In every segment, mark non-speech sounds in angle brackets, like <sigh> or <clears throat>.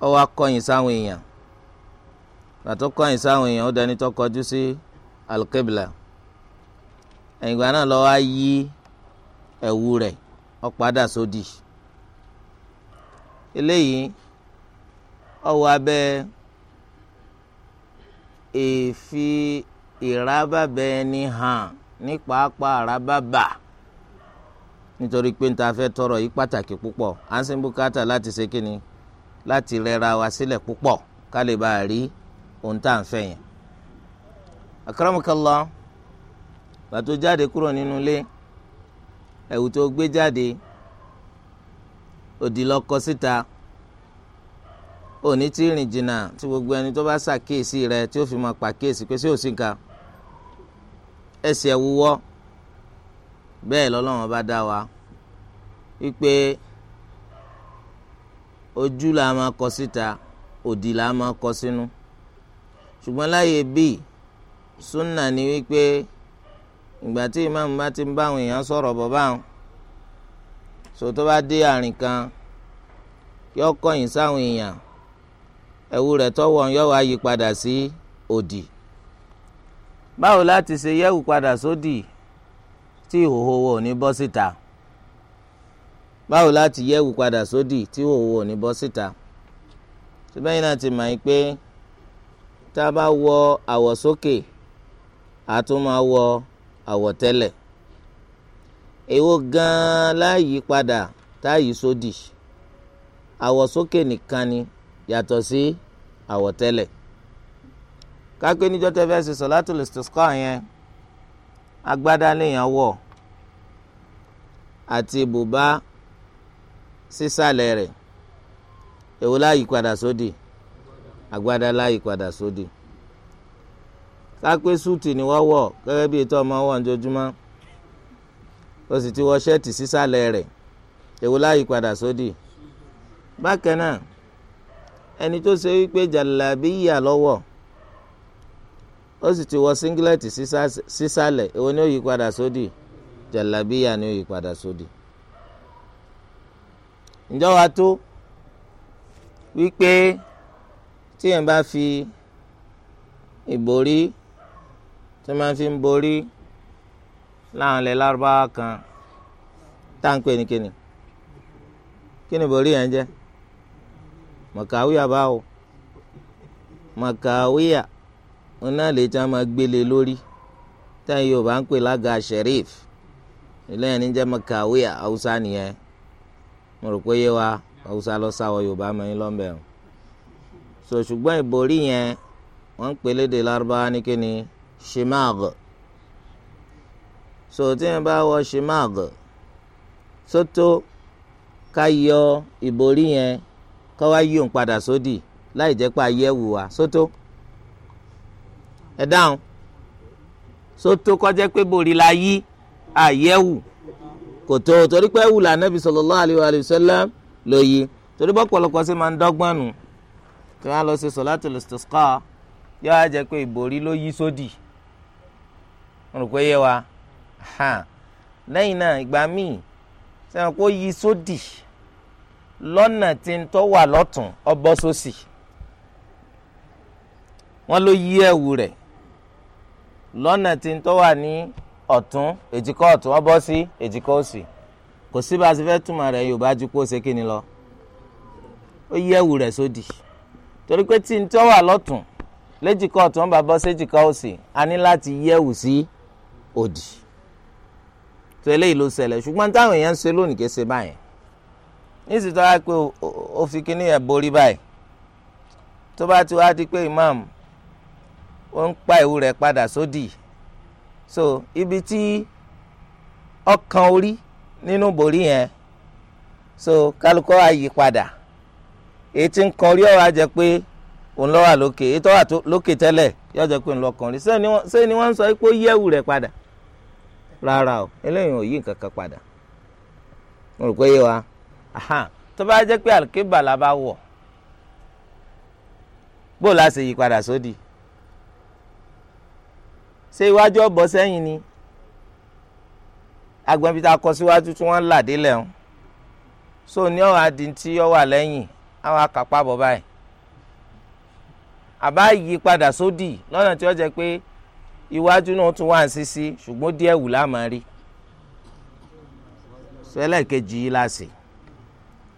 ó wá kọ̀yìn sáwọn èèyàn pàtó kọ̀yìn sáwọn èèyàn ó dẹni tó kọjú sí alqibla ẹ̀yìngbà náà lọ́wọ́ á yí ẹ̀wù rẹ̀ ó padà sódì eléyìí ó wà abẹ́ èéfi ìrábàbẹ́ ẹni hàn ní pàápàá àrábàbà nítorí pé n ta fẹ́ tọrọ yìí pàtàkì púpọ̀ à láti ṣe kínni láti rẹra wa sílẹ̀ púpọ̀ ká lè bá a rí ohun tá à ń fẹ́ yẹn. akramakallah bàtó jáde kúrò nínú ilé ẹ̀wù tó gbé jáde òdì lọ kọ síta òní tí rìn jìnnà tí gbogbo ẹni tó bá ṣàkíyèsí rẹ tí ó fi máa pàkíyèsí pé sí òsì nǹkan ẹsẹ̀ wúwọ́ bẹ́ẹ̀ lọ́lọ́run bá dá wa wípé ojú la máa kọ síta òdì la máa kọ sínú ṣùgbọ́n láyé bíi súnà ni wípé ìgbà tí ìmáàmù bá ti ń bá àwọn èèyàn sọ̀rọ̀ bọ̀ báwọn sọ tó bá dé àrìn kan yọ kọ̀yìn sáwọn èèyàn ẹ̀wù rẹ̀ tọ́wọ́ yọ wá yí padà sí òdì báwo láti ṣe yẹ̀wù padà sódì tí ìhòòhò wò ní bọ́ síta. So báwo láti yẹ̀wù padà sódì tí òwò ò ní bọ́ síta síbẹ̀ yìí náà ti mọ̀ yín pé tá a bá wọ àwọ̀sókè a tún máa wọ àwọ̀tẹ́lẹ̀ èwo gan-an láàyè padà táàyè sódì àwọ̀sókè nìkan ni yàtọ̀ sí àwọ̀tẹ́lẹ̀ kápé níjọ́ tẹ́ fẹ́ ṣe sọ̀látùl istisqa yẹn agbádá lèèyàn wọ̀ àti bùbá sísàlẹ̀ rẹ̀ ewu láàyè padà sódì àgbádá láàyè padà sódì kápẹ́ súùtì ni wọ́n wọ̀ gẹ́gẹ́ bíi tó ọmọ wọn jojúmọ́ o sì ti wọ ṣẹ́ẹ̀tì sísàlẹ̀ rẹ̀ ewu láàyè padà sódì bákan náà ẹni tó ṣe wípé jàlábíyà lọ́wọ́ ó sì ti wọ sísàlẹ̀ ni ó yí padà sódì ni ó yí padà sódì. ǹjọ́ wa tó wípé tíyẹn bá fi ìborí tí wọ́n fi ń borí láwọn ilẹ̀ lárúbáwá kan tá à ń pè ní kíni kíni borí yẹn jẹ́ mọ̀kàwíyà báwo mọ̀kàwíyà wọn náà lè tí wọn máa gbélé lórí táyà Yorùbá ń pè lága sheriff ilé yẹn ní jẹ́ mọ̀kàwíyà haúsá nìyẹn mo rò pé yé wa haúsá lọ sáwọ yorùbá mẹ́yìn lọ́nbẹ̀ o so ṣùgbọ́n ìborí yẹn wọ́n ń pè lédè lárúbáwá ní kíni shimag so tí yẹn bá wọ shimag sótó ká yọ ìborí yẹn ká wá yí òun padà sódì láì jẹ́ pé ayé wù wá sótó ẹ dáhùn sótó kọjá pé borí la yí ayé wù. So kò tó torí pé wùlà anábì sallallahu alayhi wa sallam ló yí torí bọ́ pọ̀lọpọ̀ sí máa ń dọ́gbọ́n nù tí wọ́n á lọ sí solatul istisqa yóò á jẹ́ pé ìbòrí ló yí sódì wọ́n rò pé yé wa lẹ́yìn náà ìgbà míì sẹ́wọ̀n kó yí sódì lọ́nà tí ń tọ́ wà lọ́tún ọbọ̀ sósì wọ́n ló yí ẹ̀wù rẹ̀ lọ́nà tí ń tọ́ wà ní ọ̀tún èjìká ọ̀tún ó bọ́ sí èjìká òsì kò sí bá a ti fẹ́ túmọ̀ rẹ̀ yorùbá ju kó ṣe kíni lọ ó yẹ̀wù rẹ̀ sódì torí pé tí n tí ó wà lọ́tún léjìká ọ̀tún ó bá bọ́ séjìká òsì a ní láti yẹ̀wù sí òdì tó eléyìí ló ṣẹlẹ̀ ṣùgbọ́n táwọn èèyàn ń ṣe lónìí kése báyẹn níṣìí tó wá pé ó fi kíní ẹ̀ borí báyìí tó bá ti wá di pé imam ó ń pa ìwú rẹ̀ padà sódì. So so ibi tí ọkàn orí nínú borí yẹn so kálukọ́ àyípadà èyí tí ń kan orí ọ̀rọ̀ àjẹ pé òun lọ́wọ́ lókè èyí tó wà lókè tẹ́lẹ̀ yóò jẹ́ pé òun lọ́kàn orí ṣé ni wọ́n ń sọ pé ó yẹ̀wù rẹ̀ padà rárá o eléyìí ò yí nǹkan kan padà mo rò pé yé wa tó bá jẹ́ pé àlùkébà la bá wọ̀ bó la ṣe yí padà sódì. So ṣé iwájú ọ̀bọ̀ sẹ́yìn ni agbẹ̀bí ta kọ síwájú tí wọ́n ń là délẹ̀ ń so ní ọ̀hún adìntí ó wà lẹ́yìn àwọn akápá bọ̀ báyìí àbá yí sódì lọ́nà tí ó jẹ́ pé iwájú náà tún wà ń sisi ṣùgbọ́n díẹ̀ wù láàmú rí so ẹlẹ́ẹ̀kejì yìí láṣì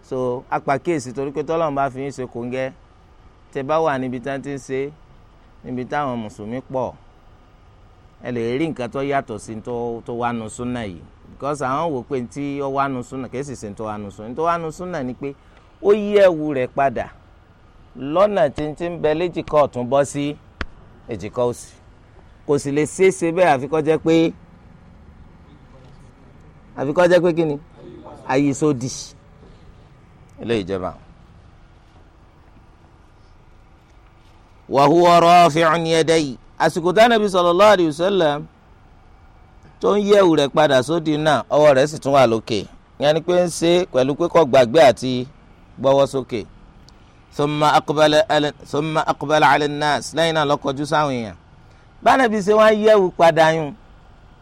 so apàkíyèsí torí pé tọ́lọ́run bá fi yín ṣe kòńgẹ́ tẹ bá wà níbi tí wọ́n ti ń ṣe níbi táwọn mùsùlùmí pọ̀ ẹ lè rí nǹkan tó yàtọ̀ sí tó wà nù súnà yìí because àwọn wò pé tí ó wà nù súnà kìí sì sí tó súnà tó súnà ni pé ó yí ẹ̀wù rẹ padà lọ́nà títí ń bẹ léjìká ọ̀tún bọ́ sí èjìká òsì kò sì lè ṣeéṣe bẹ́ẹ̀ àfikọ́ jẹ́ pé àfikọ́ jẹ́ pé kí ni ilé àsìkò tá nàbí sallallahu alaihi wasallam tó ń yẹ̀wù rẹ̀ padà sódì náà ọwọ́ rẹ̀ sì tún wà lókè yẹn ni pé ń ṣe pẹ̀lú pé kò gbàgbé àti gbọ́wọ́ sókè thumma aqbala thumma aqbala náà ló sáwọn èèyàn bá nàbí ṣe wọ́n yẹ̀wù padà yún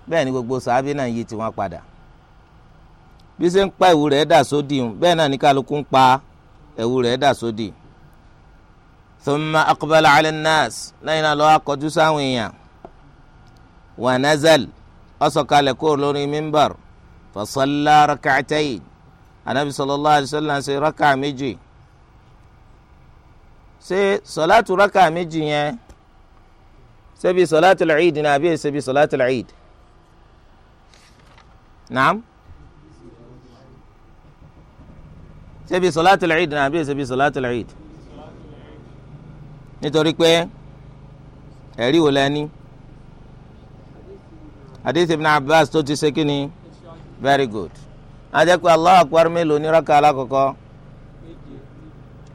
bẹ́ẹ̀ ni gbogbo sàábì náà yí tiwọn padà bí ṣe ń pa ẹ̀wù rẹ̀ dà sódì yún náà ní kálukú ń pa ẹ̀wù rẹ̀ dà sódì ثم أقبل على الناس لين الواقع تساويا ونزل أسقى لكور لوري منبر فصلى ركعتين النبي صلى الله عليه وسلم سي ركع مجي سي صلاة ركع مجي سبي صلاة العيد نبي سبي صلاة العيد نعم سبي صلاة العيد نبي سبي صلاة العيد نعم. nítorí pé ẹ̀rí wò lẹ́ni hadith ibn abbas tó ti ṣe kí ni very good ajẹ́pẹ́ allah akbar mélòó ní rákà alákọ̀ọ́kọ́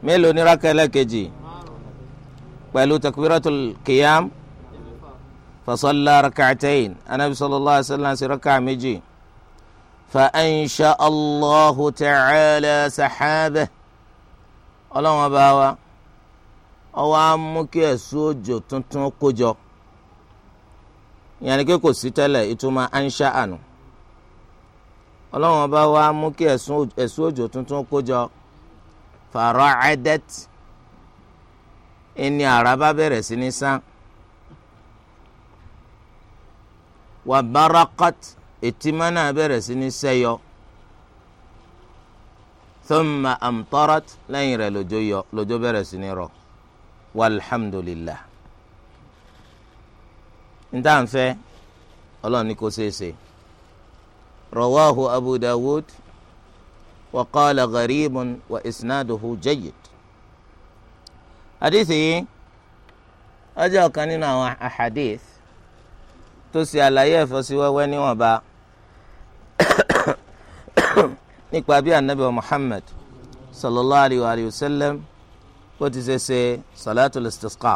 mélòó ní rákà ẹlẹ́kejì pẹ̀lú takbiratul qiyam fasalla rak'atayn anabi sallallahu alayhi wa sallam ṣe rákà méjì fa ansha allahu ta'ala sahabah ọlọ́wọ́n bá wa ọwọ́ á mú kí ẹ̀sùn òjò tuntun kó jọ ìyẹn ni pé kò sí tẹ́lẹ̀ ìtumọ̀ ànsá ànú ọlọ́run ọba wa mú kí ẹ̀sùn òjò tuntun kó fàrọ̀ ẹ̀dẹ́t ẹni àrà bá bẹ̀rẹ̀ sí ní sán wà bárakọ́t ètìmọ́ bẹ̀rẹ̀ sí ní sẹ́yọ thumma amtarat lẹ́yìn rẹ̀ lójó bẹ̀rẹ̀ sí ní rọ̀ walhamdulillah nta n fẹ́ Ọlọ́run ni kò ṣeéṣe rawahu abu dawud wa qala gharibun wa isnaduhu jayyid hadithi yìí ó jẹ́ ọ̀kan nínú àwọn ahadith tó ṣe àlàyé ẹ̀fọ́síwẹ́wẹ́ níwọ̀nba <coughs> nípa bí anabi muhammad sallallahu alayhi wa sallam bó ti ṣe ṣe salatul istisqa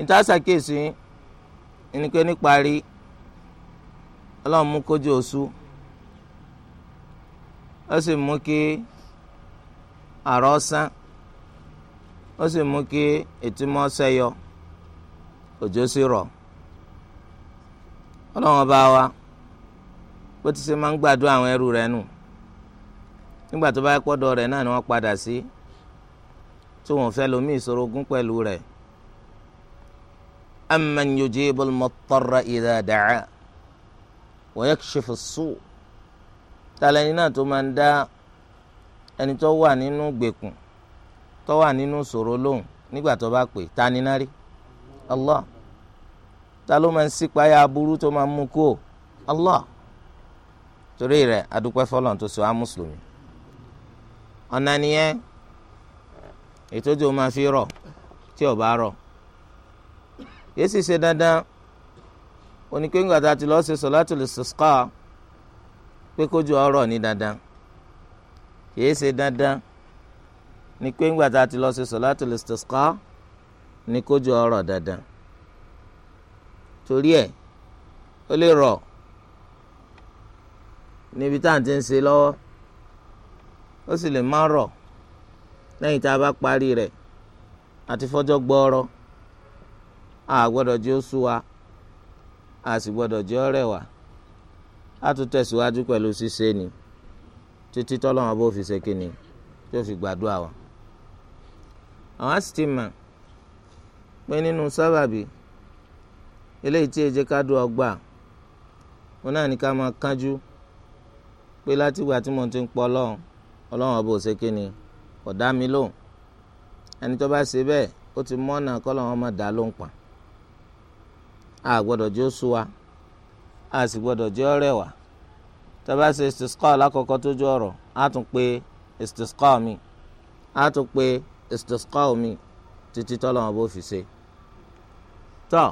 ìtaṣà kíyèsí ẹnikẹ́ níparí ọlọ́run mú kójú oṣù ó sì mú kí àrọ́ sán ó sì mú kí ètúmọ̀ sẹ́yọ òjò sì rọ̀ ọlọ́run ọba wa bó ti ṣe máa ń gbàdúrà àwọn ẹrú rẹ̀ nù nígbà tó bá pọ́dọ̀ rẹ̀ náà ni wọ́n padà sí. Si tí wọn fẹ́ lomi ìsorogún pẹ̀lú rẹ̀ amman yujibul muttarra idha da'a wa yakshifu su' tàlẹ́ni náà tó máa ń dá ẹni tó wà nínú gbèkùn tó wà nínú ṣòro lóhùn nígbà tó bá pè ta ni náà rí Allah ta ló máa ń sípayá aburú tó máa ń mú kú o Allah torí rẹ̀ adúpẹ́ fọlọ́n tó sọ á mùsùlùmí ọ̀nà nìyẹn ìtọ́jú máa fi rọ̀ tí ó bá rọ̀ yìí sì ṣe dandan oníkéńgbà tá a ti lọ ṣe sọ̀látùl istisqa pé kójú ọ̀rọ̀ ní dandan yìí ṣe dandan ní kéńgbà tá a ti lọ ṣe sọ̀látùl istisqa ní kójú ọ̀rọ̀ dandan torí ẹ̀ ó lè rọ̀ níbi tá à ń ti ń ṣe lọ́wọ́ ó sì lè má rọ̀ lẹ́yìn tá a bá parí rẹ̀ àti fọ́jọ́ gbọ́ọ́rọ́ a gbọ́dọ̀ jẹ́ ó sú wa a sì gbọ́dọ̀ jẹ́ ó rẹ̀ a tún tẹ̀síwájú pẹ̀lú ṣíṣe ni títí tọ́lọ́wọ́n bó fi ṣe kíni tó fi gbàdúrà wa. àwọn á sì ti mọ̀ pé nínú sábàbí eléyìí tí èjì ká dùn ọgbà wọn náà ní ká máa kánjú pé látìgbà tí mo ti ń pọ̀ ọlọ́run ọlọ́run ọba ṣe kíni kò dá mi lóhùn ẹni tó bá ṣe bẹ́ẹ̀ ó ti mọ́nà kọ́lọ̀ wọn máa dá lóhùn pa a gbọ́dọ̀ jẹ́ ó wa a sì gbọ́dọ̀ jẹ́ ó rẹwà tó bá ṣe istisqa lákọ̀ọ́kọ́ tó jọ ọ̀rọ̀ a tún pé istisqa mi a tún pé istisqa mi títí tọ́lọ̀ wọn bó fi ṣe tọ́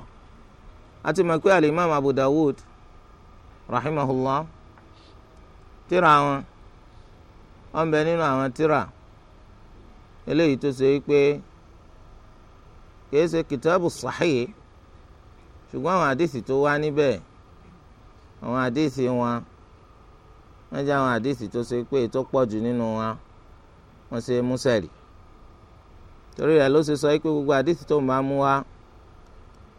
a ti mọ̀ pé al-Imam Abu Dawud rahimahullah tíra wọn wọn bẹ nínú àwọn tíra eléyìí tó ṣe wípé kìí ṣe kìtàbù sahih ṣùgbọ́n àwọn àdìsí tó wá níbẹ̀ àwọn àdìsí wọn wọ́n jẹ́ àwọn àdìsí tó ṣe pé tó pọ̀ jù nínú wọn wọ́n ṣe músẹ̀lì torí rẹ̀ ló ṣe sọ pé gbogbo àdìsí tó ń bá mú wá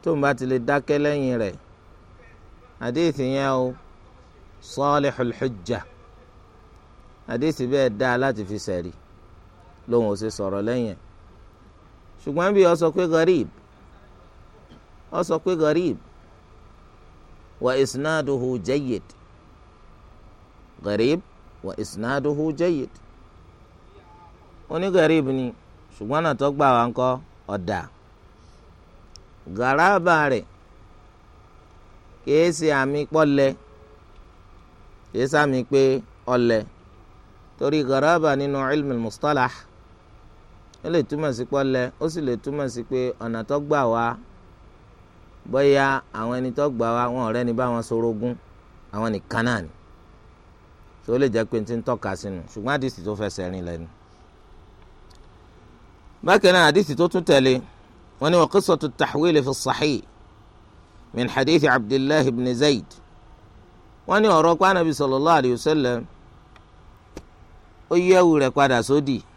tó ń bá ti lè dákẹ́ lẹ́yìn rẹ̀ àdìsí yẹn o salihul hujja àdìsí bẹ́ẹ̀ dáa láti fi sẹ̀rí lòun ò ṣe sọ̀rọ̀ lẹ́yìn ṣùgbọ́n bí ó sọ pé garib ó sọ pé garib wa isnaduhu jayyid garib wa isnaduhu jayyid oní garib ni ṣùgbọ́n náà tó gbà wá ńkọ́ ọ̀dà garaba rẹ̀ kìí ṣe àmì pọ́lẹ̀ kìí ṣe àmì pé ọ̀lẹ̀ torí garaba nínú ilmi mustalah ó lè túmọ̀ sí pọ́lẹ̀ ó sì lè túmọ̀ sí pé ọ̀nà tó gbà wá bóyá àwọn ẹni tó gbà wá wọn ọ̀rẹ́ ni bá wọn sorogún àwọn nìkan náà ni tó lè jẹ́ pé ti ń tọ́ka sínú ṣùgbọ́n àdìsí tó fẹsẹ̀ rìn lẹ́nu. bákan náà àdìsí tó tún tẹ̀lé wọn ni wa qissatu at-tahwil fi as min hadith abdullahi ibn zayd wọn ní ọ̀rọ̀ pa anabi sallallahu alayhi ó yẹ̀wù rẹ̀ padà sódì. So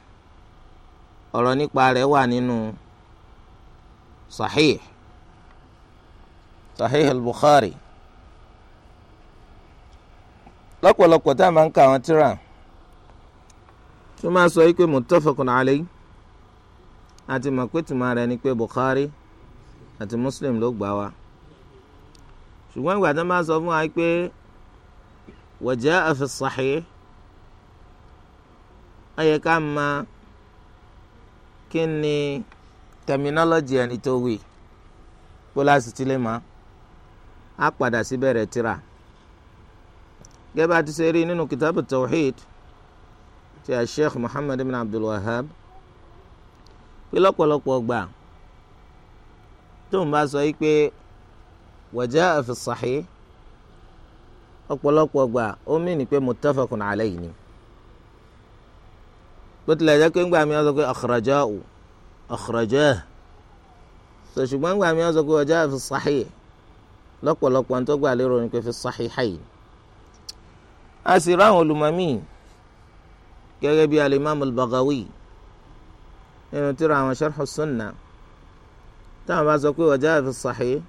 ọ̀rọ̀ nípa rẹ̀ wà nínú sahih sahih al-bukhari lọ́pọ̀lọpọ̀ tá a máa ń ka àwọn tíra tó máa sọ wípé muttafaqun alayhi àti mọ̀ pé tùmọ̀ rẹ̀ ni pé bukhari àti muslim ló gbà wá ṣùgbọ́n ìgbà tó máa sọ fún wa pé wa jaa fi sahih máa kí ni tẹminọ́lọ́jì ẹni tó wí pólásì tí lè mọ́ á padà sí bẹ̀rẹ̀ tírà gẹ́gẹ́ bá ti ṣe rí nínú kitabu tawhid ti a sheikh muhammad ibn abdul wahab pé lọ́pọ̀lọpọ̀ gbà tó ń bá sọ yìí pé wàjá àfisàhí ọ̀pọ̀lọpọ̀ gbà ó mìíní pé muttafaqun alayhi ni. بتلا ذاك يوم بعمي هذا أخرجاه أخرجاه سوشي بان بعمي جاء في الصحيح لك ولك وانتو قال يرونك في الصحيحين أسيران ولمامي كيبي الإمام البغوي إنه ترى ما شرح السنة تام بعض كوي وجاء في الصحيح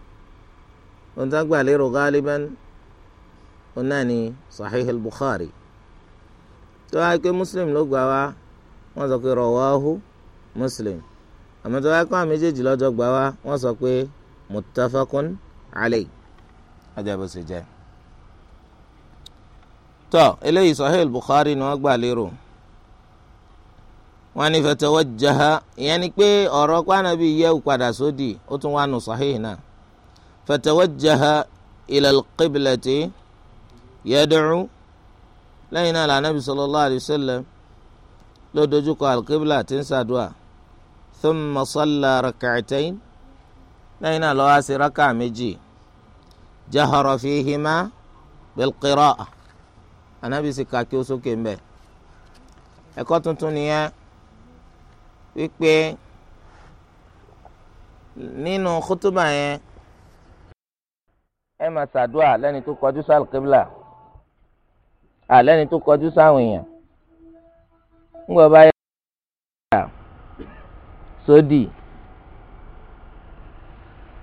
وانتو قال يرو غالبا وناني صحيح البخاري تو هاي مسلم لو قاوا wọ́n sọ pé rawahu muslim àmọ́ tó bá kọ́ àwọn méjèèjì lọ́jọ́ gbà wá wọ́n sọ pé muttafaqun alayhi ọjọ́ bó ṣe jẹ́. tọ́ eléyìí sahih bukhari ni wọ́n gbà lérò wọ́n ní fatawajjaha ìyẹn ni pé ọ̀rọ̀ pàànàbí yẹ̀wù padà sódì ó tún wà nù sahih náà fatawajjaha ila al-qiblati yad'u lẹ́yìn náà lànà bisalòlá àdìsẹ́lẹ̀ ló dojúkọ alqibla tí ń ṣàdúà thumma salla rak'atayn lẹ́yìn náà ló wá sí rákà méjì jahara fihima bilqira'a anabi sì ka kí ó sókè ń bẹ̀. ẹ̀kọ́ tuntun nìyẹn wípé nínú kútùbà yẹn ẹ máa ṣàdúà lẹ́ni tó kọjú sí alqibla àlẹ́ni tó kọjú sáwọn èèyàn ńgbọ́ bá yẹ kó sódì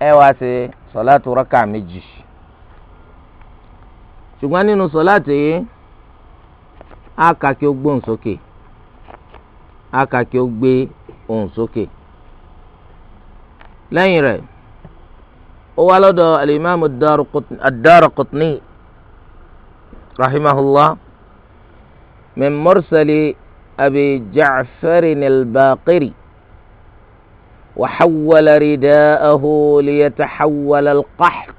ẹ wá ṣe sọ̀láàtù rákà méjì ṣùgbọ́n nínú sọ̀láàtù yìí á kà kí ó gbóhùn sókè á kà kí ó gbé ohùn sókè lẹ́yìn rẹ̀ ó wá lọ́dọ̀ alimami ad rahimahullah min أبي جعفر الباقري وحول رداءه ليتحول القحط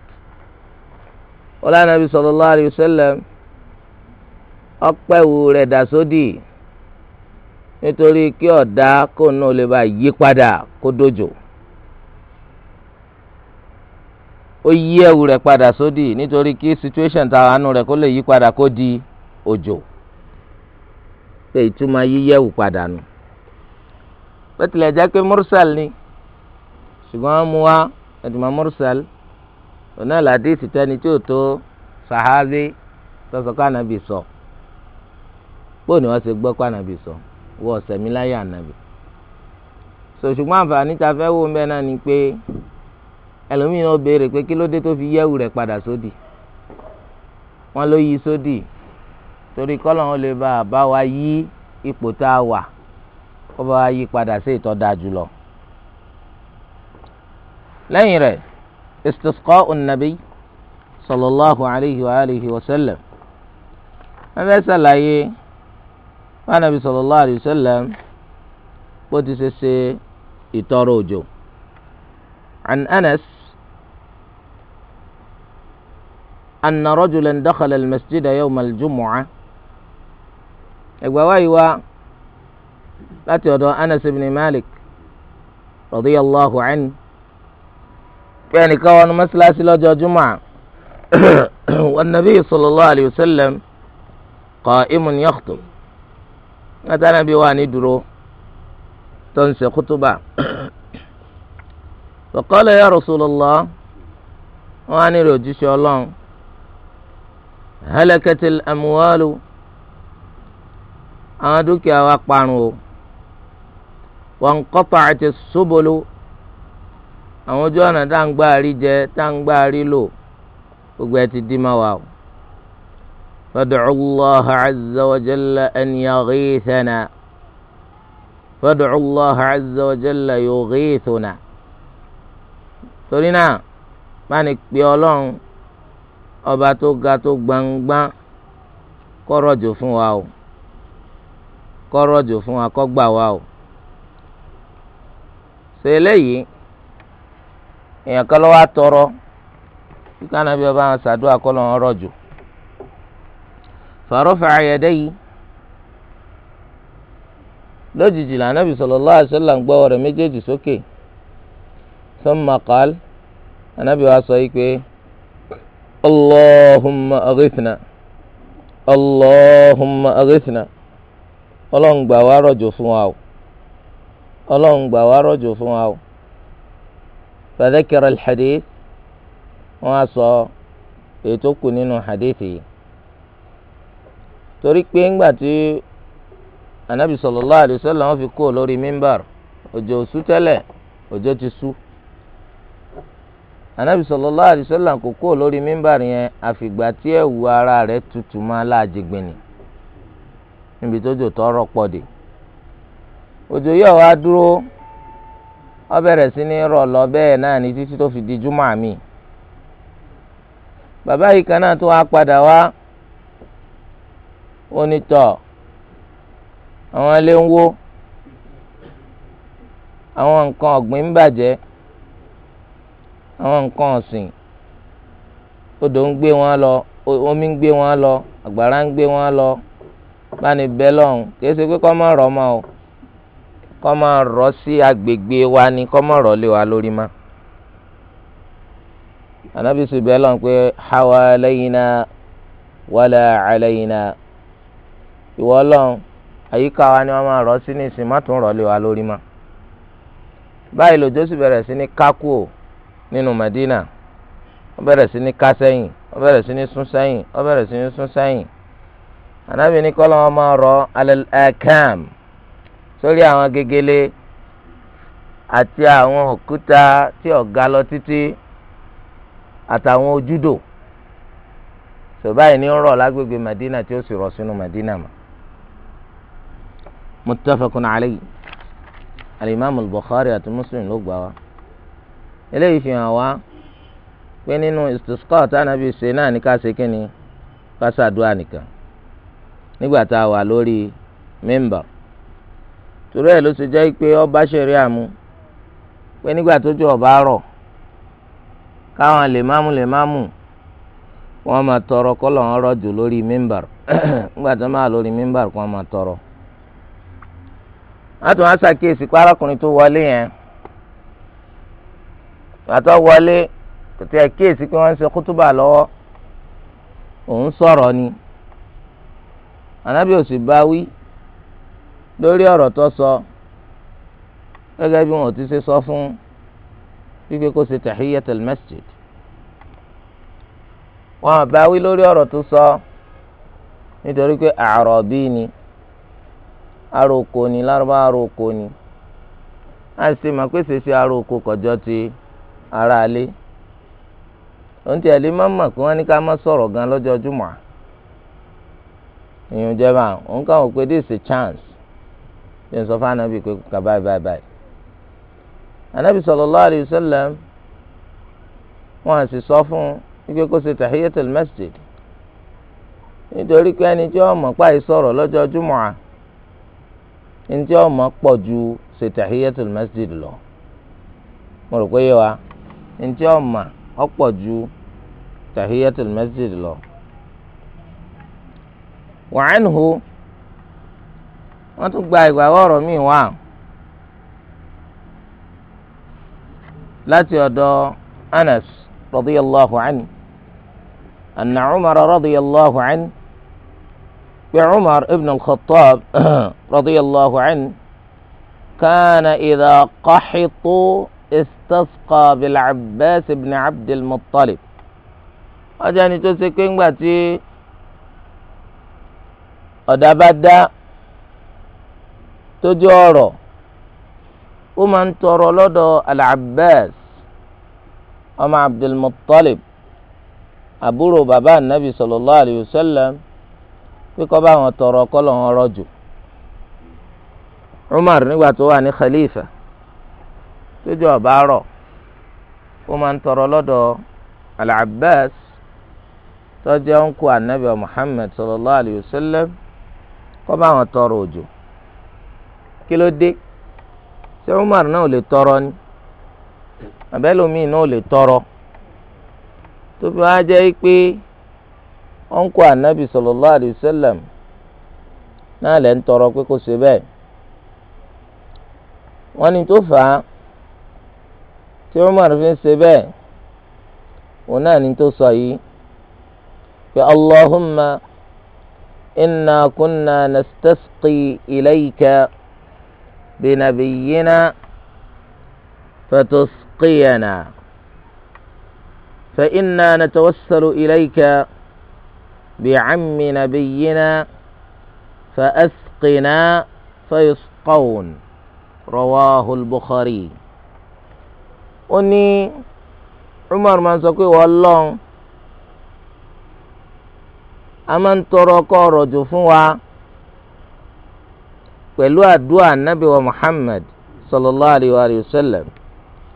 ولا النبي صلى الله عليه وسلم أقبل rẹ̀ dà sódì nítorí kí ọ̀dà kò náà lè bá yí padà kó dojo ó yí ẹ̀wù rẹ̀ padà sódì nítorí kí situation tàwọn àánú rẹ̀ kó lè yí padà kó di òjò pé ìtumọ̀ yíyẹ̀wò padà nù bẹ́tẹ̀lẹ̀ jẹ́ pé mursal ni ṣùgbọ́n mu wa ẹ̀dùnmọ̀ mursal ọ̀nà làdíìsì tẹ́ni tí ò tó sàhábì tọ́sọ̀kọ́ ànábì sọ bóun ni wọ́n ṣe gbọ́ kọ́ ànábì sọ wọ́n ọ̀sẹ̀mí láyé ànábì sọ ṣùgbọ́n àǹfààní ta fẹ́ wò mẹ́ náà ni pé ẹlòmíràn ó béèrè pé kí ló dé tó fi yẹ̀wù rẹ̀ padà sódì wọ́n ló yí sódì. So torí kọ́lọ́hún lè bá a bá wa yí ipò tá a wà kó bá wa yí padà sí ìtọ́da jùlọ. lẹ́yìn rẹ̀ istisqa unnabi sallallahu alayhi wa alihi wa sallam wọ́n sàlàyé wọn sallallahu alayhi wa sallam bó ti ṣe ṣe ìtọrọ òjò. عن أنس أن رجلا دخل المسجد يوم الجمعة ẹgbẹ́ wa yìí wá láti ọ̀dọ̀ Anas ibn Malik radiyallahu anhu pé ẹnìkan wọnú mọ́sálásí lọ́jọ́ jùmọ̀ <coughs> wan nabiy sallallahu alayhi wa sallam qa'imun yakhutub nígbàtà nàbí wà ní dúró tó ń ṣe kútùbà <coughs> fa qala ya wọn á nílò ojúṣe ọlọ́run halakatil amwalu àwọn dúkìá wa parun o wọn kọ́pà àti sóbolo àwọn ojú ọ̀nà tá ń gbá àrí jẹ tá ń gbá àrí lò gbogbo ẹ ti dí ma wà o. فادعوا الله عز وجل أن يغيثنا فادعوا الله عز وجل يغيثنا torí náà má ní pé ọlọ́run ọba tó ga tó gbangban kọ́rọ̀jò fún wa o kọ́rọ̀jò fún wa kọ́ gbà wá o ṣe eléyìí èèyàn kan lọ́wọ́ àtọrọ kíkà náà bí ọba àwọn sàdúrà kọ́ lọ́wọ́ rọ̀jò fàrọ́fà àyẹ̀dẹ́ yìí lójijì lànà bí sallallahu alaihi wasallam ń gbọ́wọ́ rẹ̀ méjèèjì sókè summa qal ànábì wa sọ yìí pé allahumma aghithna allahumma aghithna ọlọ́run gbà wá rọ̀jò fún wa o ọlọ́run gbà wá rọ̀jò fún wa o fàdékèrè hadith wọn á sọ èyí tó kù nínú hadith yìí torí pé ńgbà tí anabi sallallahu alaihi wasallam wọn fi kó lórí mímbàr òjò òsú tẹ́lẹ̀ òjò ti sú anabi sallallahu alaihi kò kó lórí mímbàr yẹn àfìgbà tí ẹ̀wù ara rẹ̀ tutù máa láàjì gbìnì. níbi tójò tọrọ pọ dé òjò yóò wá dúró ọ bẹ̀rẹ̀ sí ní rọ̀ lọ bẹ́ẹ̀ náà ní títí tó fi di júmọ̀ àmì bàbá yìí kan náà tó wá padà wá ó àwọn ilé ń wó àwọn nǹkan ọ̀gbìn ń bàjẹ́ àwọn nǹkan ọ̀sìn odò omi ń gbé wọn lọ àgbàrá ń gbé wọn lọ. báni bẹ́ẹ̀ lọ́hùn kìí ṣe pé o sí agbègbè wa ni kọ́ máa lé wa lórí mọ́. ànábì sùn bẹ́ẹ̀ wala alayna ìwọ lọ́hùn àyíká wa ni wọ́n máa rọ̀ sí ní ìsìn má tún rọ̀ lé wa lórí mọ́. báyìí lòjó sì bẹ̀rẹ̀ sí ní kákú Madina wọ́n bẹ̀rẹ̀ sí ní ká wọ́n bẹ̀rẹ̀ sí ní anabi ní kọ́lọ́ wọn máa rọ alẹ́kàm sórí àwọn gegele àti àwọn òkúta tí ọ̀gá lọ títí àtàwọn ojúdò sọ̀báyìí ní ń rọ̀ lágbègbè madina tí ó sì rọ̀ sínú madina mọ́ muttafaqun alayhi alimami bukhari àti muslim ló gbà wá eléyìí fi hàn wá pé nínú istisqa tí anabi ṣe náà ní ká ṣe kí ni ká ṣàdúrà nìkan. nígbà tá a wà lórí mímbà torí je ló ṣe jẹ́ pé ọba ṣẹ̀rí àmú pé nígbà tójú ọba rọ̀ káwọn lèmámù lèmámù wọ́n máa tọrọ kọlọ ń rọ̀jò lórí mímbà <clears throat> nígbà tó máa lórí mímbà kó máa tọrọ. wọ́n tún wá ṣàkíyèsí pé arákùnrin tó wọlé yẹn àtọ́ wọlé kò tẹ́ kíyèsí pé wọ́n ń ṣe kútúbà lọ́wọ́ ni. anabi òsì bá wí lórí ọ̀rọ̀ tó sọ gẹ́gẹ́ bí wọn ò ti ṣe sọ fún wípé kó ṣe tahiyatul masjid wọn bá wí lórí ọ̀rọ̀ tó sọ nítorí pé àròbí ni aróko ni lárúbá aróko ni a sì mọ̀ pé ṣèṣe aróko kọjọ́ ti aráalé òun ti ẹ̀ lè má mọ̀ pé wọ́n ní ká má sọ̀rọ̀ gan lọ́jọ́ jùmọ̀ à. èèyàn jẹba òun kàn wọ́n pé this is a chance ṣe ń sọ fún anabi pé kà báyìí báyìí báyìí anabi sallallahu alayhi sì sọ fún wípé kó ṣe tahiyatul masjid nítorí pé ẹni tí wọ́n mọ̀ páyì sọ̀rọ̀ lọ́jọ́ ẹni tí mọ̀ pọ̀ ju ṣe lọ mo rò wa ẹni tí mọ̀ ju lọ. وعنه wọ́n tún gba ìgbà wọ́ọ̀rọ̀ mi wá láti ọ̀dọ̀ Anas radiyallahu anhu anna Umar radiyallahu anhu pé Umar ibn al-Khattab radiyallahu anhu كان إذا قحطوا استسقى بالعباس بن عبد المطلب ọjọ́ ni tó ṣe kéngbà tí ọ̀dà bá dá tójú ọ̀rọ̀ ó máa ń tọrọ lọ́dọ̀ Al-Abbas ọmọ Abdulmuttalib àbúrò bàbá anabi sallallahu alayhi wa sallam kíkọ́ bá wọn tọrọ kọ́lọ̀ wọn rọ̀jò Umar nígbà tó wà ní khalifa tójú ọ̀bá rọ̀ ó máa ń tọrọ lọ́dọ̀ al tọ́jú ọ̀nkù anabi Muhammad sallallahu alayhi kọ́ ahụ tọrọ òjò kí ló dé ṣé Umar náà ò lè tọrọ ni àbẹ́lòmíì náà ò lè tọrọ tó fi wá jẹ́ pé ọ̀nkọ́ ànábì sallallahu alaihi náà lẹ́ ń tọrọ pé kó ṣe bẹ́ẹ̀ wọ́n ní tó fà á tí fi ń ṣe bẹ́ẹ̀ òun náà ní tó sọ yìí pé إنا كنا نستسقي إليك بنبينا فتسقينا فإنا نتوسل إليك بعم نبينا فأسقنا فيسقون رواه البخاري أني عمر ما سقي والله a máa ń tọrọ kọ́ ọ̀rọ̀ jù fún wa pẹ̀lú àdúrà nábì wa Muhammad sallallahu alayhi wa sallam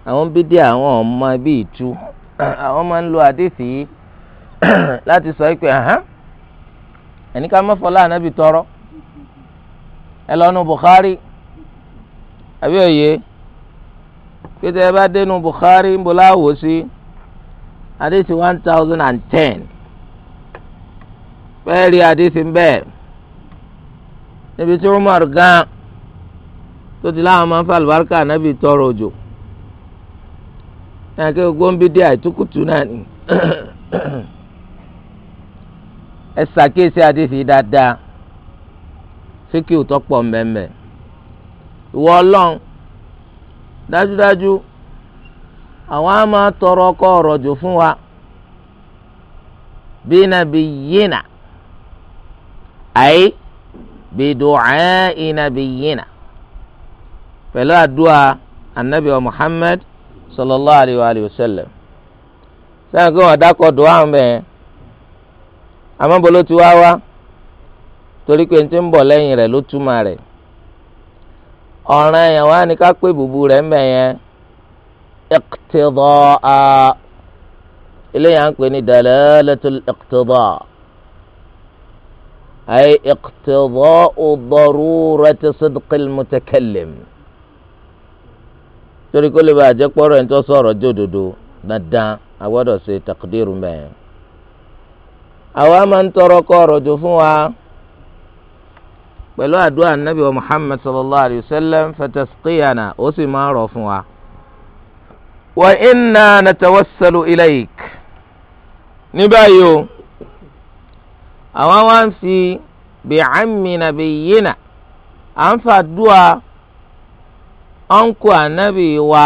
àwọn bídí àwọn ọmọ ibi ìtú àwọn máa ń lo àdéhìí yìí <clears throat> láti sọ pé ẹni ká má fọlá ànábì tọrọ ẹ lọ́nu Bukhari àbí òye pété ẹ bá dénú Bukhari ń bọ̀ láwòsí àdéhìí one thousand and ten bẹ́ẹ̀ rí àdéhìí bẹ́ẹ̀ níbi tí Umar gan tó ti láwọn máa ń fa àlùbáríkà nábì tọrọ òjò náà kí gbogbo ń bí dé àìtúkùtù náà ni ẹ ṣàkíyèsí àdéhìí dáadáa fíkì ò tọ́pọ̀ mbẹ́mbẹ́ ìwọ ọlọ́run dájúdájú àwọn á máa tọrọ ọkọ ọ̀rọ̀ jù fún wa bí nàbí yéèna àyè bidu'a'i nabiyyina pẹ̀lú àdúrà anabi wa muhammad sallallahu alayhi wa alayhi wa sallam sẹ́yìn kí wọ́n dákọ̀ dùn àwọn bẹ́ẹ̀ amábolo ti wá wá torí pé n ti ń bọ̀ lẹ́yìn rẹ̀ ló túmọ̀ rẹ̀ ọ̀ràn yẹn wá ní ká pé bùbù rẹ̀ ń bẹ̀ yẹn iqtidaa ń pè ní dalalatul iqtidaa. أي اقتضاء ضرورة صدق المتكلم torí kó lè bàa jẹ́ pọ́rọ̀ ẹni tó sọ̀rọ̀ jódodo dandan a gbọ́dọ̀ ṣe takdiru mẹ́ẹ̀. àwa máa ń tọrọ kọ́ ọ̀rọ̀ jù fún wa pẹ̀lú àdúrà ànábì wa muhammed sallallahu alayhi wa sallam fatasqiyana ó sì máa rọ̀ fún wa. wa inna natawassalu ilayk ní báyìí o àwọn wá ń fi bìcámìnà bìyínà à ń fàdúà ọ̀nkù ànábì wa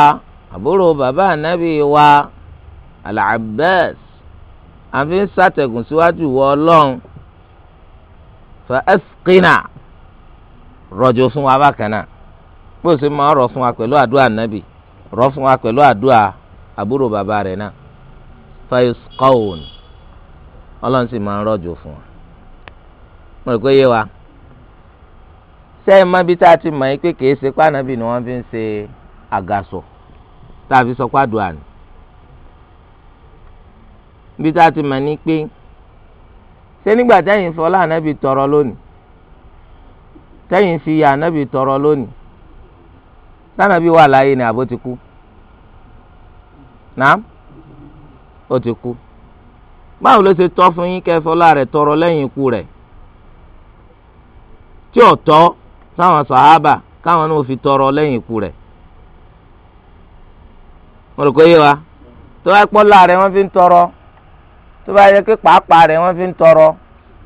àbúrò bàbá ànábì wa al-Abbas à ń fi ń sàtẹ̀gùn síwájú ìwọ ọlọ́run fa ẹ́sìkínà rọ̀jò fún wa bákan náà bó o ṣe máa rọ̀ fún wa pẹ̀lú àdúrà ànábì rọ̀ fún wa pẹ̀lú àdúrà àbúrò bàbá rẹ̀ náà fa ẹ́sìkọ́ọ̀nù ọlọ́run sì máa ń fún wa mo rò pé yé wa sẹ́yìn mọ́ bí tá a ti mọ̀ yín pé kìí ṣe pànàbì ni wọ́n fi ń ṣe àgàsọ̀ tá a fi sọ pàdùà nù bí tá a ti mọ̀ ní pé ṣé nígbà tẹ́yìn fọlá ànábì tọrọ lónìí tẹ́yìn fi ya ànábì tọrọ lónìí tánàbí wà láàyè ni àbó ti kú nàám ó ti kú báwo ló ṣe tọ́ fún yín kẹ́ fọlá rẹ̀ tọrọ lẹ́yìn ikú rẹ̀ tí ò tọ́ sáwọn sàhábà káwọn náà fi tọrọ lẹ́yìn ikú rẹ̀ mo wa tó bá pọ́ láàrẹ̀ wọ́n fi ń tọrọ tó bá yẹ kí pàápàá rẹ̀ wọ́n fi ń tọrọ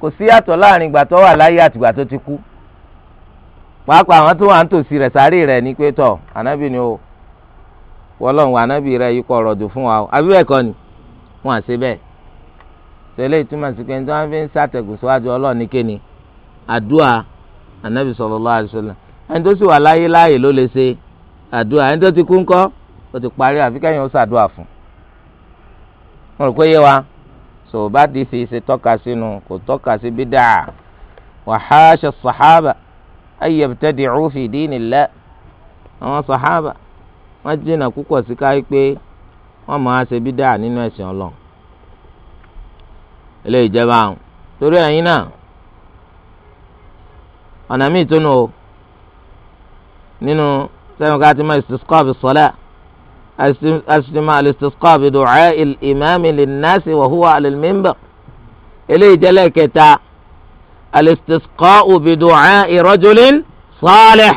kò sí yàtọ̀ láàrin ìgbà tó wà láyé ti kú pàápàá àwọn tó wà ń tòsí rẹ̀ o wà ànábì rẹ̀ yìí fún wa o àbí bẹ́ẹ̀ kọ́ ni wọ́n à bẹ́ẹ̀ tẹ́lẹ̀ ìtumọ̀ sí pé ní tí wọ́n anabi sallallahu alaihi wasallam ẹni tó sì wà láyé láàyè ló lè ṣe àdúrà ẹni tó ti kú ńkọ́ ó ti parí àfi kẹ́yìn ó ṣàdúrà fún un rò wa so bá di fi ṣe tọ́ka sínú kò tọ́ka sí bídà wa hasha sàhábà ay yabtadi'u fi dinillah àwọn sàhábà wọ́n jìnnà púpọ̀ sí káyí pé wọ́n máa ṣe bídà nínú ẹ̀sìn eléyìí ọ̀nà míì tó nù o nínú sẹ́wọ̀n ká ti máa istisqa bi salat asituma alistisqa bi du'a ìmáàmì lìnàṣì wa huwa àlìmínbà eléyìí jẹ́lẹ̀ kẹta alistisqa bi du'a rajulin salih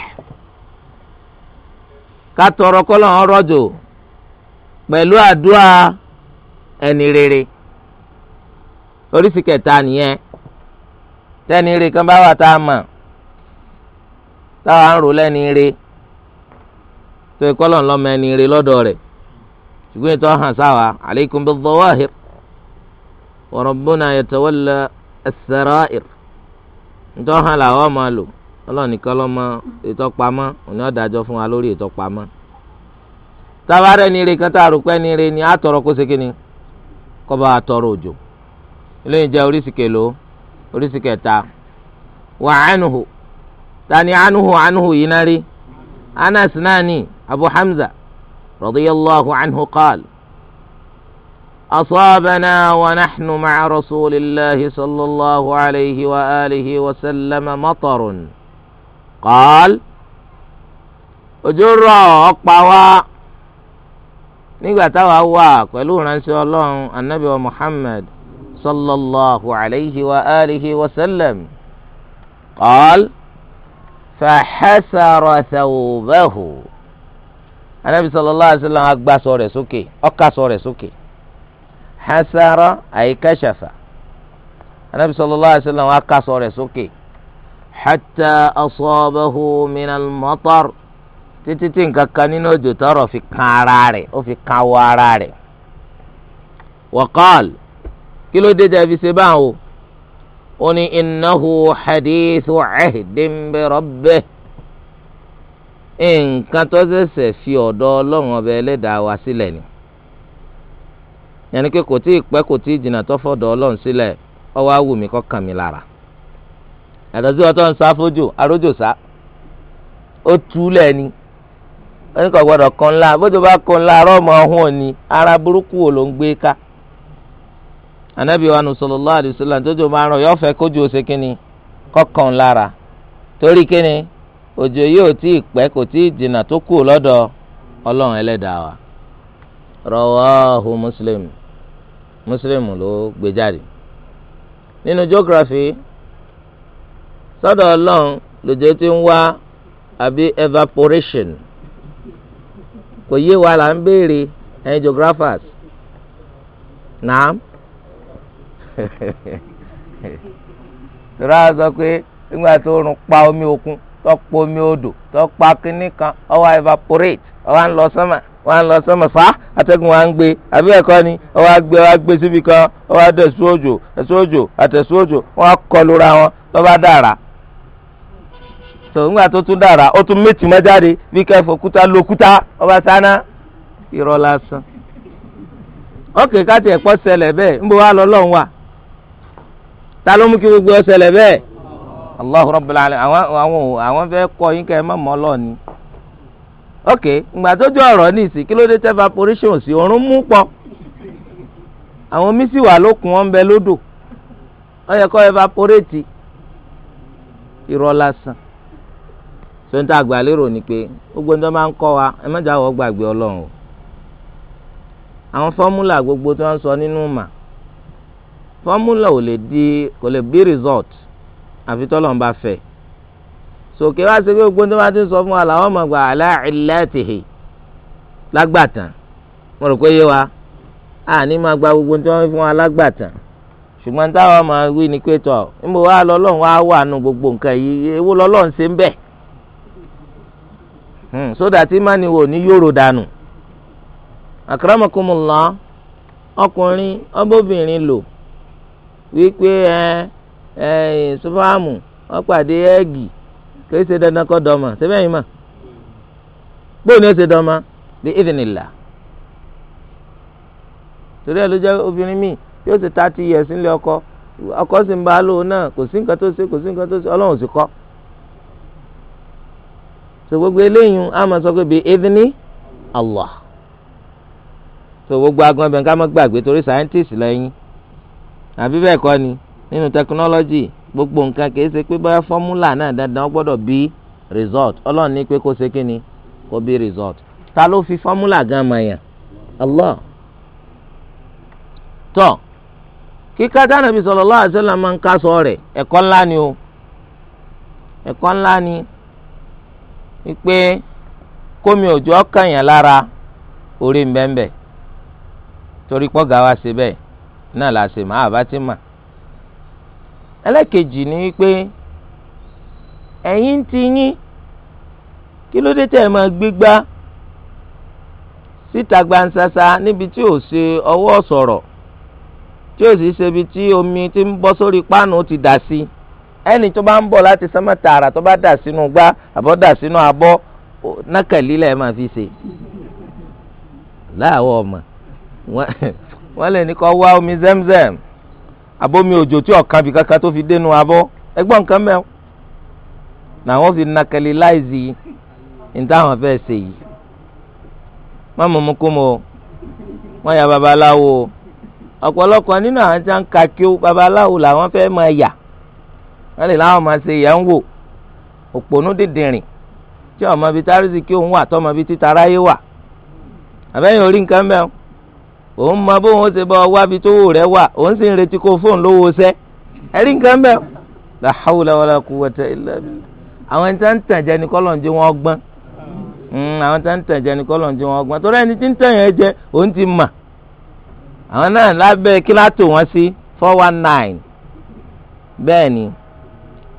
ká tọrọ kọ́lọ̀ ń rọ̀jò pẹ̀lú àdúrà ẹni rere oríṣi kẹta nìyẹn tẹ́ni rere kan bá wà tá a mọ̀. táwa ń rò lẹ́ni re tó ẹ̀kọ́ ẹni re lọ́dọ̀ rẹ̀ ṣùgbọ́n ètò sáwà aleikum bí ntọ́ máa lò ètò pamọ́ òní fún wa lórí ètò pamọ́ ni ire kan tá a rò ni ire ni a tọrọ kó segin ni kọ́ bá a tọrọ òjò eléyìí jẹ́ ثاني عنه عنه يناري أنا سناني أبو حمزة رضي الله عنه قال أصابنا ونحن مع رسول الله صلى الله عليه وآله وسلم مطر قال أجر أقبوا نيجا تواوا قلونا إن شاء الله النبي محمد صلى الله عليه وآله وسلم قال fàḥásàrọ̀ thawbahu anabi sallallahu alaihi wasallam agbásọ rẹ̀ sókè ọkásọ rẹ̀ sókè hasara àyíkáṣàfà anabi sallallahu alaihi wasallam akásọ rẹ̀ sókè hatta asabahu minal matar títí tí nǹkan kan nínú òjò tọrọ fi kan ara rẹ̀ ó fi kan wọ ara rẹ̀ waqal kí ló dé fi ṣe báwọn o. ó ní innahu hadithu ahdin nǹkan tó fi wa sílẹ̀ ni yẹnni pé kò tí ì pẹ́ kò tí ì jìnnà tó fọ̀dọ̀ ọlọ́run sílẹ̀ ọwọ́ awù mí kọ́ kàn mí lára yàtọ̀ sí ọtọ́ ń sá fójò arójò sá ó túlẹ̀ ni ó ní kò ńlá bójú ara burúkú ló ń anabi wa nu sallallahu alayhi wa sallam tójú máa ràn ose kini kọkàn lára torí kini òjò yóò tí ì pẹ́ kò tí ì dènà tó kù lọ́dọ̀ Ọlọ́run Ẹlẹ́dàá wa rawahu Muslim Muslim ló gbé jáde nínú geography sọ́dọ̀ Ọlọ́run lòjò tí ń wá àbí evaporation kò yé wa là ń béèrè ẹ̀yin geographers naam. <laughs> tọ́lá sọ pé nígbà tó rún pa omi òkun tọ́pọ̀ omi odò tọ́pọ̀ akínní kan ọwọ́ evaporate ọwọ́ ń lọ sọ́mà wọ́n á lọ sọ́mọ̀ fà atẹ́gùn wa ń gbé àbí ẹ̀kọ́ ni ọwọ́ wa gbé síbi kan ọwọ́ adẹ̀sùn òjò ẹ̀sùn òjò àtẹ̀sùn òjò wọ́n á kọlu ra wọn lọ́ba dàrá tó ńgbà tó tún dàrá ó tún méjì mọ́ jáde bí kúta ló kúta ọba sáná káàtì ẹ̀pọ́ bẹ́ẹ̀ ń bọ̀ ta ló mú kí gbogbo ọsẹlẹ bẹ́ẹ̀ allahu rabbil alamin àwọn àwọn àwọn fẹ́ kọ́ yín kẹ́ ẹ má mọ̀ ok ìgbà tó jọ ọ̀rọ̀ ní ìsìn kí ló dé tẹ́ evaporation sí òórùn mú pọ̀ àwọn omi sì wà lókun wọn bẹ lódò ó yẹ kó evaporate irọ́ lásán sọ́ńtà àgbàlérò ni pé gbogbo ní wọ́n máa ń kọ́ wa ẹ má jáwọ́ gbàgbé ọlọ́run o àwọn fọ́múlà gbogbo tí wọ́n sọ nínú mà. fọ́múlà ò lè di kò lè bí result àfi tọ́lọ̀ ń bá fẹ́ sòkè wá sí pé gbogbo tó bá ti sọ fún wa làwọn ọmọ gbà àlá ìlẹ́tìhì lágbàtàn mo rò pé yé wa àní gba gbogbo tó ń wa lágbàtàn ṣùgbọ́n wí ni pé tọ̀ wá wá wà nù gbogbo nǹkan yìí ewu lọ́lọ́run ṣe ń bẹ̀ sódà tí má ni wò ní yòrò dànù ọkùnrin wípé sùfàmù wọ́n pàdé ẹgì kìí ṣe dandan kọ dọ́mà síbẹ̀ mà bóun ni ṣe dọ́mà bí ìdìnnìlà torí ẹ ló jẹ́ obìnrin míì yóò ṣe years nílé ọkọ ọkọ sì ń bá lóun náà kò sí nǹkan tó ṣe ọlọ́run sì kọ so gbogbo eléyìí a máa sọ pé bí so gbogbo bẹ̀ àbí bẹ́ẹ̀ kọ́ ni nínú tẹkinọ́lọ́jì gbogbo nǹkan kìí ṣe pé báyà fọ́múlà náà dandan gbọ́dọ̀ bí result ọlọ́run ní pé kó ṣe kí ni kó bí ta ló fi fọ́múlà gan mayàn tọ kíkà tá nàbí sallallahu alaihi wasallam máa ń ká sọ rẹ̀ ẹ̀kọ́ ni o ẹ̀kọ́ ńlá ni wípé kómi òjò ọkàn yàn lára orí náà la ṣe máa bá ti mà. ẹlẹ́kejì ni ẹ̀yin ti yín kí ló dé tẹ̀ máa gbígbá síta gbansasa níbi tí ò ṣe ọwọ́ sọ̀rọ̀ tí ò sì ṣebi tí omi ti ń bọ́ sórí o ti dà sí to tó bá ń bọ̀ láti sánmọ́ tààrà tó bá dà sínú gbá àbọ̀ dà sínú abọ́ nákàlí lẹ́ẹ̀ máa fi ṣe láàwọ̀ ọmọ wọ́n lè ní kó wá omi zemzem abomi òjò tí ọ̀kan fi kankan tó fi dénú abọ́ ẹgbọ́n nǹkan mẹ́wọ́ làwọn fi nakẹ́lẹ́ láìsí nítawọn fẹ́ ṣe yìí má mú mú kú mu wọ́n ya babaláwo ọ̀pọ̀lọpọ̀ nínú àwọn tí wọ́n ń ka kí ó babaláwo làwọn fẹ́ máa yà wọ́n lè láwọn máa ṣe yẹn ń wò òpònú dìndìnrìn tí ọmọ bíi tárísì kí òun wà tọmọ bíi títa aráyé wà àbẹ́yìn orí nǹkan mẹ́wọ́ òun mọ bóun ó ti bá ọ wábi tó wò rẹ wà òun sì ń retí kó fóun lówó sẹ ẹrí nǹkan bẹ́ẹ̀ la hawla wala quwwata illa billah àwọn ẹni tí wọ́n ń tàn jẹ ní kọ́lọ̀ jẹ́ wọ́n gbọ́n hmm, àwọn tí wọ́n ń tàn jẹ gbọ́n torí ẹni tí ń tàn yẹn jẹ òun ti mà àwọn náà lábẹ́ kíláàtò wọn sí four one nine bẹ́ẹ̀ ni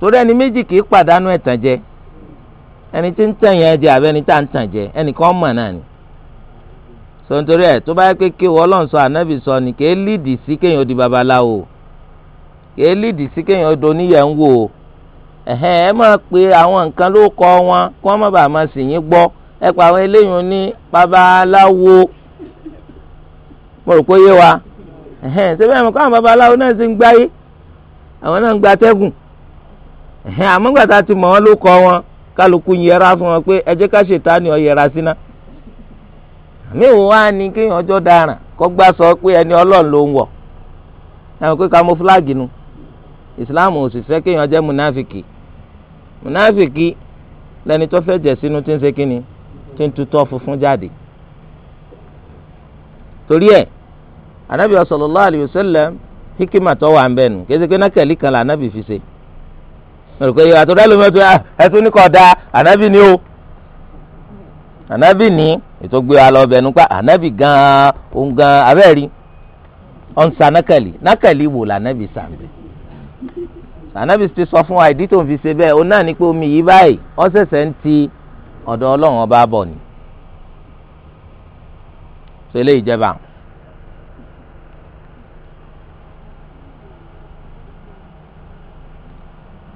torí ẹni méjì kì í pàdánù ẹ̀tàn jẹ ẹni tí ń tàn yẹn jẹ àbẹ́ni tá ń tàn jẹ ẹnìkan tontori ẹ tó bá yẹ kéke wọ Ọlọ́run sọ ànábì sọ ni kéé lídìí sí kéèyàn di babaláwo kéé lídìí sí kéèyàn do níyẹn ń wò ó ẹ̀hẹ́n ẹ máa pe àwọn nǹkan ló kọ wọn kí wọ́n má bàa máa sì yín gbọ́ ẹ pa àwọn eléyìí ní babaláwo mo rò pé yé wa ẹ̀hẹ́n ṣé bẹ́ẹ̀ mi kọ́ àwọn babaláwo náà ti ń gbáyé àwọn náà ń gba atẹ́gùn ẹ̀hẹ́n àmọ́gbàtà ti mọ̀ wọ́n ló kọ wọn kálukú yẹra fún wọn pé ẹ ká ṣètá ni ọ yẹra síná. àmì ìwò wa ni kéèyàn ọjọ́ dáràn kó gbà sọ pé ẹni ọlọ́run ló ń wọ̀ ẹ̀wọ̀n pé kamọ́fúláàgì nu ìsìláàmù ò sì fẹ́ kéèyàn jẹ́ mùnáfìkì mùnáfìkì lẹni tó fẹ́ jẹ̀ sínú tí ń ṣe funfun jáde torí anabi sallallahu alayhi hikima tó wà ń bẹ̀ kan anabi fi ṣe olùkọ́ yìí lómi ah, ní kọ́ da anabi ni o ètò gbé wa lọ bẹnu pa ànábì gan òun gan abẹ́rẹ́ ọ̀n sa nákàlì nákàlì wò lànábì sàǹbẹ̀ ànábì ti sọ fún wa ìdí tó ń fi ṣe bẹ́ẹ̀ òun náà ní pé omi yìí báyìí ó ṣẹ̀ṣẹ̀ ń ti ọ̀dọ̀ ọlọ́run ọba bọ̀ ni ṣe lè jẹba.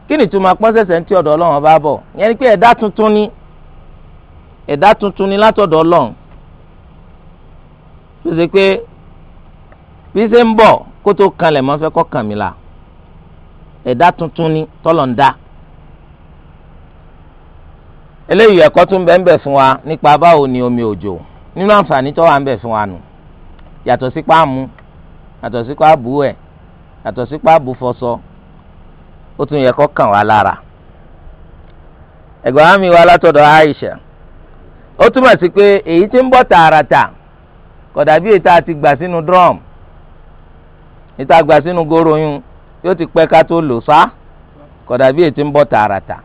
kí ni túmọ̀ pọ́n ṣẹ̀ṣẹ̀ ń ti ọ̀dọ̀ ọlọ́run ọba bọ̀ yẹn ni pé ẹ̀dá tuntun ni. ẹ̀dá tuntun ni látọ̀dọ̀ ọlọ́run tó ṣe pé bí ṣe ń bọ̀ kó tó kanlẹ̀ mọ́ fẹ́ kọ́ kàn mí la ẹ̀dá tuntun ni tọ́lọ̀ ń dá eléyìí ẹ̀kọ́ tún bẹ́ẹ̀ ń bẹ̀ fún wa nípa báwo ni omi òjò nínú àǹfààní tó wà ń bẹ̀ fún wa nù Aisha. ó túmọ̀ sí pé èyí tí ń bọ̀ tààràtà kò dàbí èyí tá a ti gbà sínú drum èyí tá a gbà sínú goro yún yóò ti pẹ́ ká tó lò sá kò dàbí èyí tí ń bọ̀ tààràtà.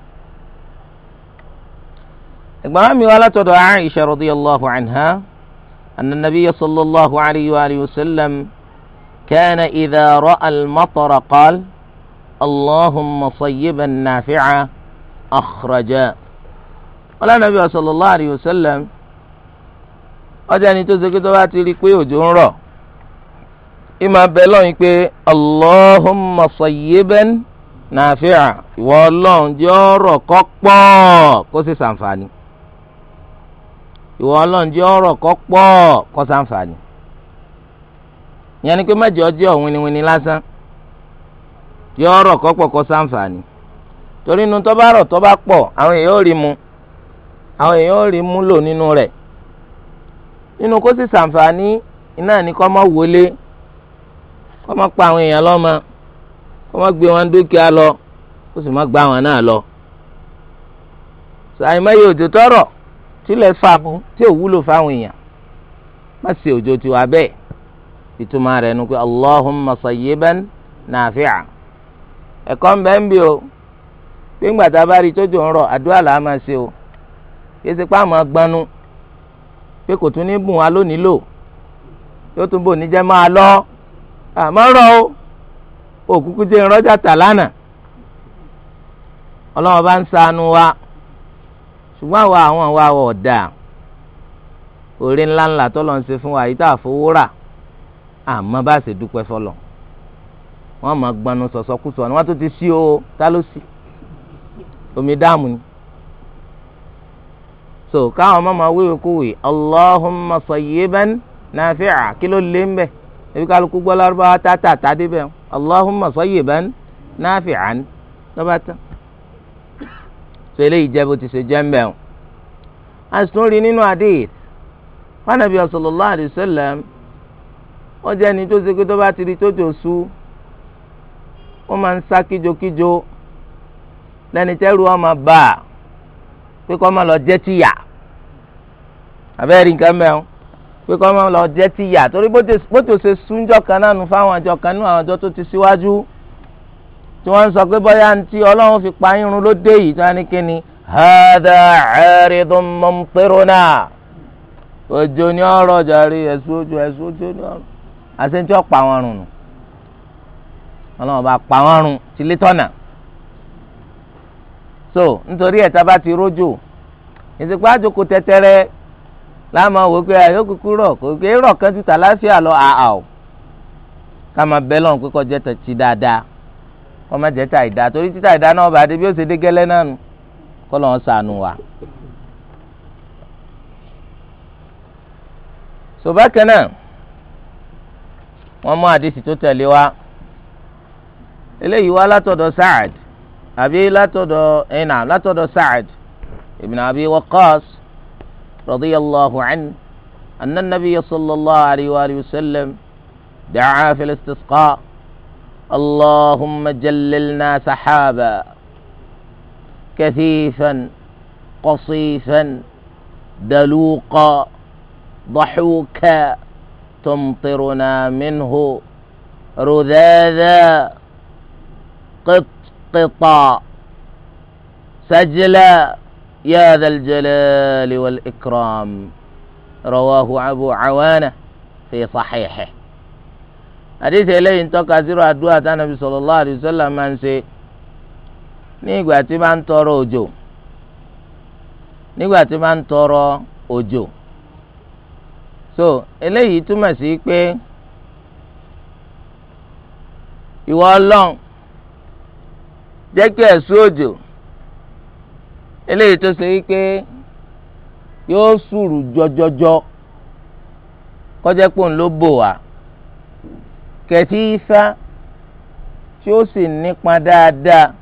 ẹ̀gbọ́n mi wá látọ̀dọ̀ Aisha radiyallahu anha anna nabiyya sallallahu alayhi wa sallam kana idha ra'a al-matara qala allahumma sayyiban nafi'a akhraja. ọlọ́nàbí sallallahu alayhi wa sallam ọjà ẹni tó ṣe pé tó bá ti rí i pé òjò ń rọ̀ ìmọ̀ abẹ́ lọ́yìn pé Allahumma sayyiban nàáfíà ìwọ ọlọ́run jẹ́ ọ̀rọ̀ kọ́ kó sì ìwọ ọlọ́run jẹ́ ọ̀rọ̀ kó ìyẹn ni pé mẹ́jọ jẹ́ ọ̀wìnìwìnì lásán jẹ́ ọ̀rọ̀ kó torí inú tó bá rọ̀ àwọn èèyàn rí múlò nínú rẹ̀ nínú kó sì ṣàǹfààní iná ní kọ́ mọ́ wọlé kọ́ mọ́ pa àwọn èèyàn lọ́mọ kọ́ mọ́ gbé wọn dúkìá lọ kó sì mọ́ gbá wọn náà lọ. òjò tọrọ tílẹ̀ fà fún tí ò wúlò fáwọn èèyàn má òjò bẹ́ẹ̀ ìtumọ̀ rẹ̀ nu pé ẹ̀kọ́ ń ń bí o gbígbà a bá rí tójú ń rọ̀ o. kìí ṣe pé àmọ́ agbanu pé kò tún ní bùn wa lónìí lò yóò tún bò ní jẹ́ máa lọ àmọ́ rọ o òkúkú jẹ́ ìrọ́jà tà lánàá ọlọ́run bá ń ṣàánú wa ṣùgbọ́n àwa àwọn àwa ọ̀dà oore ńlá ńlá tọ́lọ̀ ń ṣe fún wa yìí tá a fowó rà àmọ́ bá ṣe dúpẹ́ fọlọ̀ wọ́n máa gbanu sọ̀sọ́kùsọ ni wọ́n tún ti sí o tá ló sí omi dáàmú ni so káwọn máa máa wéwèé kúwèé allahumma sayyiban nafi'a kí ló lé ń bẹ̀ ebi kálukú gbọ́ lárúbáwá tátà tádé bẹ́ẹ̀ allahumma sayyiban nafi'a ni lọ́ba tán so eléyìí jẹ́ bó ti ṣe jẹ́ ń bẹ̀ o a sì tún rí nínú hadith fanabi sallallahu alayhi wa sallam wọ́n jẹ́ ẹni tó ṣe pé tó bá ti rí tó tó sú ó máa ń sá kíjokíjo lẹ́ni tẹ́rù ọmọ bá a pé kó má lọ jẹ́ tìyà abẹ́rẹ́ nǹkan mẹ́rin pé kọ́ máa lọ jẹ́ ti yà torí bó tó ṣe súnjọ́ kan náà nù fáwọn àjọ kan nù àwọn àjọ tó ti síwájú tí wọ́n ń sọ pé bóyá ntí ọlọ́run fi pa irun ló dé yìí tí wọ́n ní kíni hada aridun mumtiruna òjò ní ọ̀rọ̀ jàre ẹ̀sùn ojú ẹ̀sùn ojú ní ọ̀rọ̀ àti ntí ọ̀pá wọn rùn nù ọlọ́run bá pa wọn rùn ti lé tọ́nà so nítorí ẹ̀ta bá ti rójò ìsìnkú àjòkò tẹ́tẹ́rẹ́ láàmú wò pé ayọ́ kúkú rọ̀ kò rọ̀ kan ti tàlàáfíà lọ àà o ká máa bẹ́ lọ́n pé kó dáadáa kó má jẹ́ torí ìdá náà bá dé bí ó ṣe dé gẹ́lẹ́ náà nù wá. sọba mú àdìsí tó wa eléyìí wá Sa'ad àbí Abi رضي الله عنه أن النبي صلى الله عليه وآله وسلم دعا في الاستسقاء اللهم جللنا سحابا كثيفا قصيفا دلوقا ضحوكا تمطرنا منه رذاذا قطا سجلا يا ذا الجلال والإكرام رواه أبو عوانة في صحيحه حديث إليه انتقى سيرو أدوات النبي صلى الله عليه وسلم من سي nígbà tí máa ń tọrọ òjò nígbà tí so eléyìí túmọ̀ sí pé ìwọ ọlọ́run eléyìí tó ṣe wípé yóò sùúrù jọjọjọ kọjá pò ń ló bò wá kẹtí ifá tí ó sì nípa dáadáa